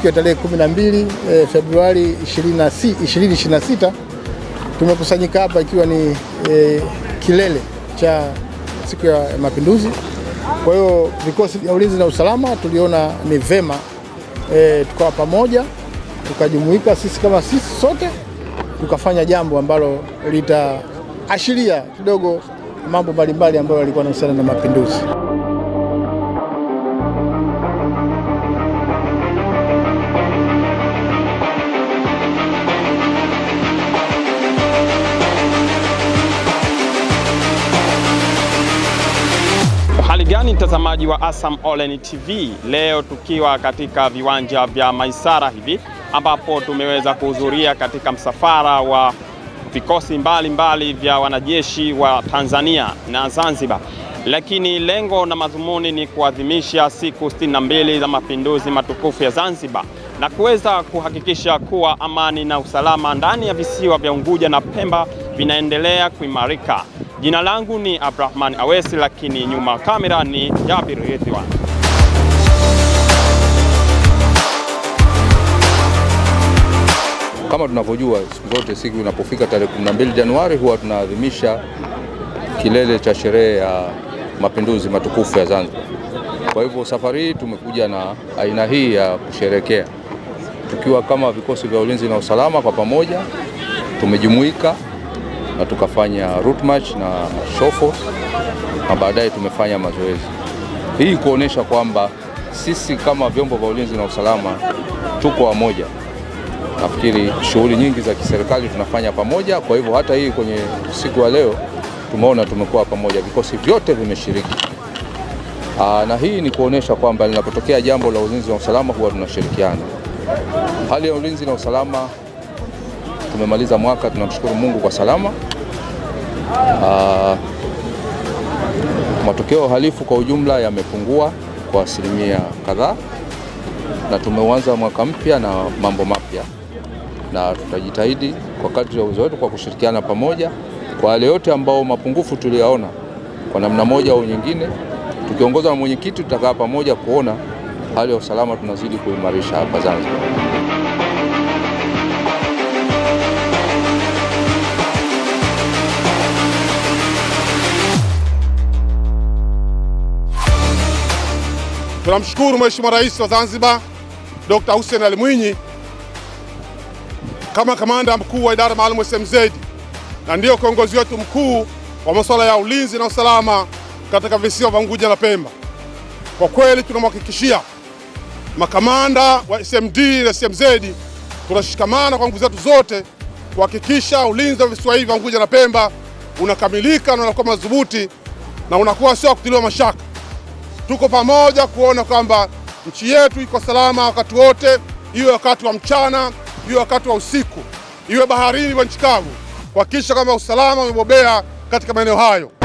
siku ya tarehe 12 e, eh, Februari 2026 tumekusanyika hapa ikiwa ni e, kilele cha siku ya mapinduzi. Kwa hiyo vikosi vya ulinzi na usalama tuliona ni vema e, tukawa pamoja tukajumuika sisi kama sisi sote tukafanya jambo ambalo litaashiria kidogo mambo mbalimbali ambayo yalikuwa yanahusiana na mapinduzi. gani mtazamaji wa Asam Online TV, leo tukiwa katika viwanja vya Maisara hivi ambapo tumeweza kuhudhuria katika msafara wa vikosi mbalimbali mbali vya wanajeshi wa Tanzania na Zanzibar, lakini lengo na madhumuni ni kuadhimisha siku 62 za mapinduzi matukufu ya Zanzibar na kuweza kuhakikisha kuwa amani na usalama ndani ya visiwa vya Unguja na Pemba vinaendelea kuimarika. Jina langu ni Abdrahman Awesi, lakini nyuma kamera ni Jabir Ridwan. Kama tunavyojua siku zote, siku inapofika tarehe 12 Januari huwa tunaadhimisha kilele cha sherehe ya mapinduzi matukufu ya Zanzibar. Kwa hivyo safari hii tumekuja na aina hii ya kusherekea tukiwa kama vikosi vya ulinzi na usalama, kwa pamoja tumejumuika na tukafanya route march na shofo na baadaye tumefanya mazoezi. Hii kuonesha kwamba sisi kama vyombo vya ulinzi na usalama tuko wamoja. Nafikiri shughuli nyingi za kiserikali tunafanya pamoja, kwa hivyo hata hii kwenye siku ya leo tumeona tumekuwa pamoja, vikosi vyote vimeshiriki. Aa, ah, na hii ni kuonesha kwamba linapotokea jambo la ulinzi na usalama huwa tunashirikiana. Hali ya ulinzi na usalama tumemaliza mwaka, tunamshukuru Mungu kwa salama. Aa, ah, matokeo ya uhalifu kwa ujumla yamepungua kwa asilimia kadhaa, na tumeuanza mwaka mpya na mambo mapya, na tutajitahidi kwa kadri ya uwezo wetu kwa kushirikiana pamoja kwa wale yote ambao mapungufu tuliyaona kwa namna moja au nyingine, tukiongozwa na mwenyekiti, tutakaa pamoja kuona hali ya usalama tunazidi kuimarisha hapa Zanzibar. Tunamshukuru Mheshimiwa Rais wa Zanzibar Dr. Hussein Ali Mwinyi kama kamanda mkuu wa idara maalum SMZ na ndiyo kiongozi wetu mkuu wa masuala ya ulinzi na usalama katika visiwa vya Unguja na Pemba. Kwa kweli tunamhakikishia makamanda wa SMD na SMZ tunashikamana kwa nguvu zetu zote kuhakikisha ulinzi wa visiwa hivi vya Unguja na Pemba unakamilika na unakuwa madhubuti na unakuwa sio kutiliwa mashaka tuko pamoja kuona kwamba nchi yetu iko salama wakati wote, iwe wakati wa mchana, iwe wakati wa usiku, iwe baharini, iwe nchi kavu, kuhakikisha kwamba usalama umebobea katika maeneo hayo.